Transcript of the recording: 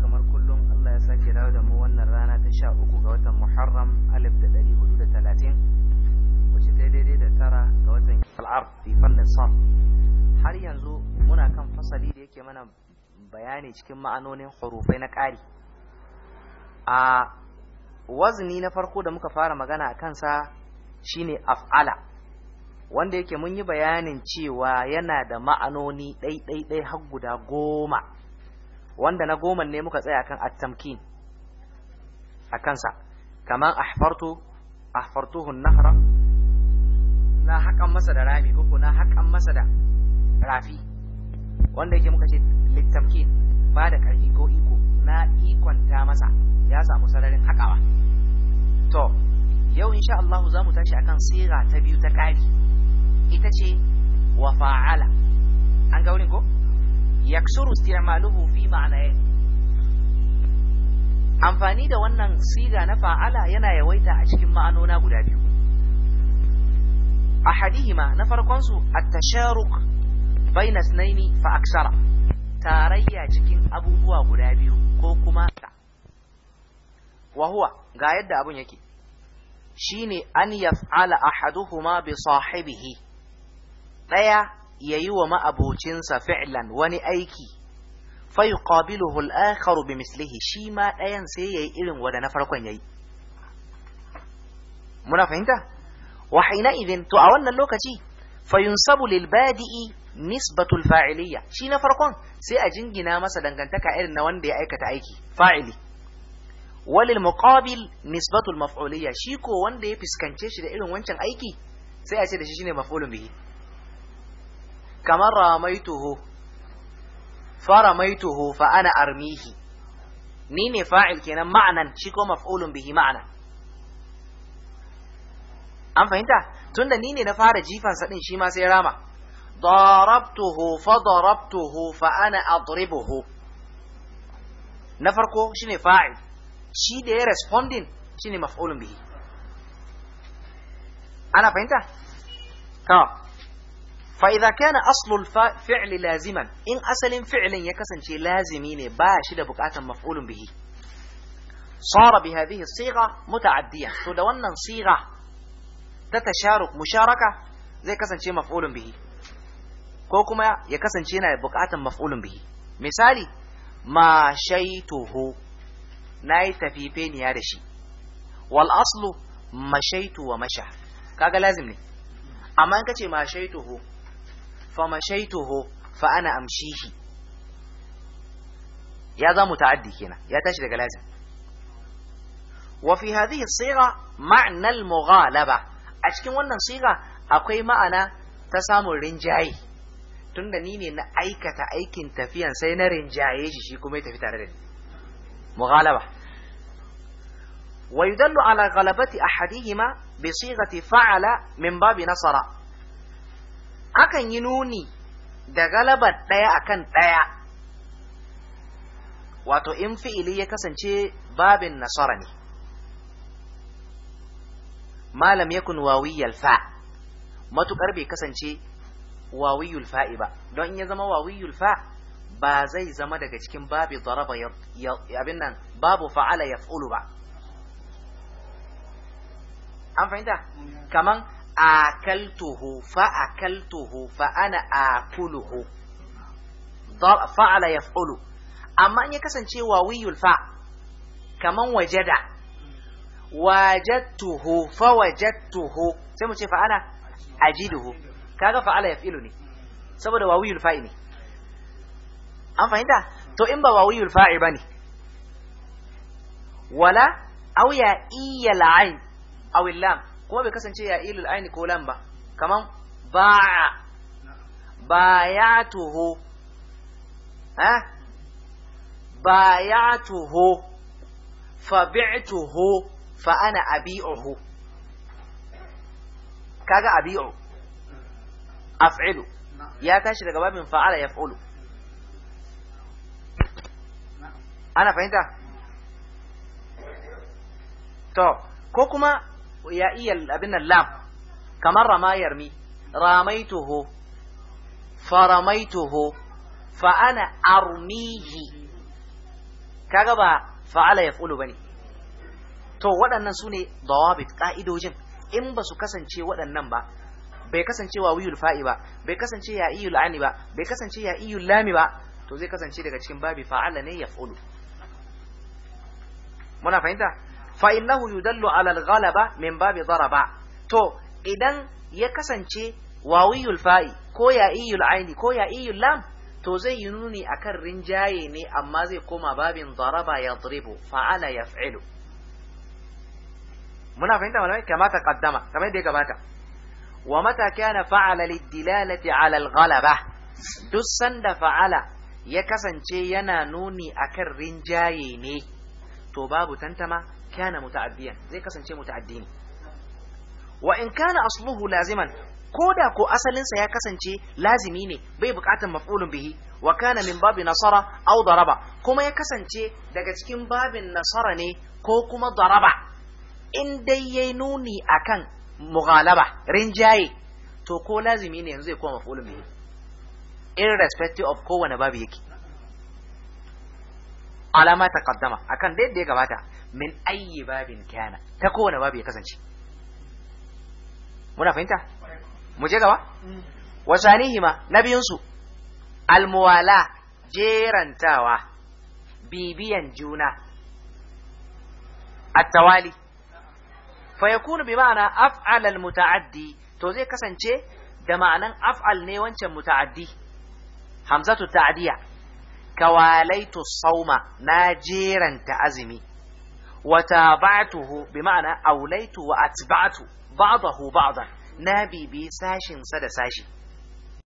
kamar kullum Allah ya sake dawo da mu wannan rana ta sha uku ga watan Muharram alif da ɗari hudu da talatin wacce ta daidai da tara ga watan al'ar fi fannin sam har yanzu muna kan fasali da yake mana bayani cikin ma'anonin hurufai na ƙari a wazni na farko da muka fara magana a kansa shine af'ala wanda yake mun yi bayanin cewa yana da ma'anoni ɗai-ɗai-ɗai har guda goma wanda na goman ne muka tsaya kan at-tamkin a kansa kamar ahfartu ahfartuhu nahra na haƙan masa da rami ko na haƙan masa da rafi wanda yake muka ce littamkin ba da ƙarfi ko iko na ikonta masa ya samu sararin hakawa to yau insha Allah za mu tashi akan sira ta biyu ta ƙari ita ce wa fa'ala an ga ko yaksuru istimaluhu fi ma'anayin amfani da wannan siga na fa'ala yana yawaita a cikin ma'anona guda biyu ahadihima na farkon su at-tasharuk baina snaini fa aksara tarayya cikin abubuwa guda biyu ko kuma wa huwa ga yadda abun yake shine an yaf'ala ahaduhuma bi sahibihi daya yayi wa ma'abocinsa fi'ilan wani aiki fa yuqabiluhu al bi bimithlihi shi ma ɗayan sai yayi irin wanda na farkon yayi muna fahimta wa hina idin to a wannan lokaci fa yunsabu lil badi'i nisbatul fa'iliyya shi na farkon sai a jingina masa dangantaka irin na wanda ya aikata aiki fa'ili walil muqabil nisbatul maf'uliyya shi ko wanda ya fiskance shi da irin wancan aiki sai a ce da shi shine maf'ulun bihi kamar ramaituhu faramaituhu fa ana armihi ni ne fa'il kenan ma'anan shi ko maf'ulun bihi ma'anan an fahimta tunda ni ne na fara jifan sa din shi ma sai rama darabtuhu fa darabtuhu fa ana adribuhu na farko shine fa'il shi da ya responding shine maf'ulun bihi ana fahimta to فإذا كان أصل الفعل لازما إن أصل فعل يكسن شيء لازمين باشد بقعة مفعول به صار بهذه الصيغة متعدية تدونا صيغة تتشارك مشاركة زي كسن شيء مفعول به كوكما يكسن شيء بقعة مفعول به مثالي ما شيته ناي تفيفين يا رشي والأصل مشيت ومشى كاغا لازم لي أما إنك ما شيته famashaituhu fa ana amshihi ya za muta'addi kenan ya tashi daga lazim wa fi hadhihi as-sigha ma'na al-mughalaba a cikin wannan siga akwai ma'ana ta samun rinjaye tunda ni ne na aikata aikin tafiyan sai na rinjaye shi shi kuma ya tafi tare da ni mughalaba ala على ahadihima أحدهما بصيغة فعل من باب نصر akan yi nuni da galabar ɗaya akan ɗaya wato in fi'ili ya kasance babin nasara ne malam ya kun wawiyyal fa matuƙar bai kasance wawiyyul fa'i ba don in ya zama wawiyyul fa ba zai zama daga cikin babi daraba abin nan babu fa'ala yaf'ulu ba an fahimta kamar. akaltuhu fa akaltuhu fa ana akuluhu fa'ala yaf'ulu amma in ya kasance wawiyul fa kaman wajada wajadtuhu fa wajadtuhu sai mu ce fa ana ajiduhu kaga fa'ala yaf'ilu ne saboda wawiyul fa'i ne an fahimta to in ba wawiyul fa'i bane wala aw ya iyal ayn aw illam kuma bai kasance ya ilul aini ko lam ba kaman ba'a bayatuhu ha bayatuhu fabi'tuhu fa ana abi'uhu kaga abi'u af'ilu ya tashi daga babin fa'ala yaf'ulu ana fahimta to ko kuma ya iya abin nan lam kamar rama yarmi ramaituhu faramaituhu fa ana armihi kaga ba fa'ala ba bane to waɗannan su ne dawabit ka'idojin in ba su kasance waɗannan ba bai kasance wa wuyul fa'i ba bai kasance ya iyul ani ba bai kasance ya iyul lami ba to zai kasance daga cikin babi fa'ala ne yaf'ulu muna fahimta fa innahu yudallu ala min babi zaraba to idan ya kasance wawiyul fa'i ko ya'iyul aini ko ya'iyul lam to zai yi nuni akan rinjaye ne amma zai koma babin daraba yadribu fa'ala yaf'ilu muna fahimta malamai kama ta kaddama kamar da ya gabata wa mata kana fa'ala lidilalati ala duk sanda fa'ala ya kasance yana nuni akan rinjaye ne to babu tantama kana muta'addiyan zai kasance muta'addi ne wa in kana asluhu laziman koda ko asalinsa ya kasance lazimi ne bai bukatan mafulin bihi wa kana min babi nasara aw daraba kuma ya kasance daga cikin babin nasara ne ko kuma daraba in dai yayi nuni akan mughalaba rinjaye to ko lazimi ne yanzu ya koma maf'ulun bihi irrespective of kowane babu yake alama ta kaddama akan da yadda ya gabata min ayyi babin kana ta kowane babu ya kasance muna fahimta mu je gaba wasanihi ma na biyunsu almuwala jerantawa bibiyan juna attawali fa yakunu bi ma'ana af'alal muta'addi to zai kasance da ma'anan af'al ne wancan mutaaddi hamzatu ta'diya kawalaitu sauma na jeranta azumi wa tabatuhu bi ma'ana aulaitu wa atba'tu ba'dahu ba'dan na bibi sashin sa da sashi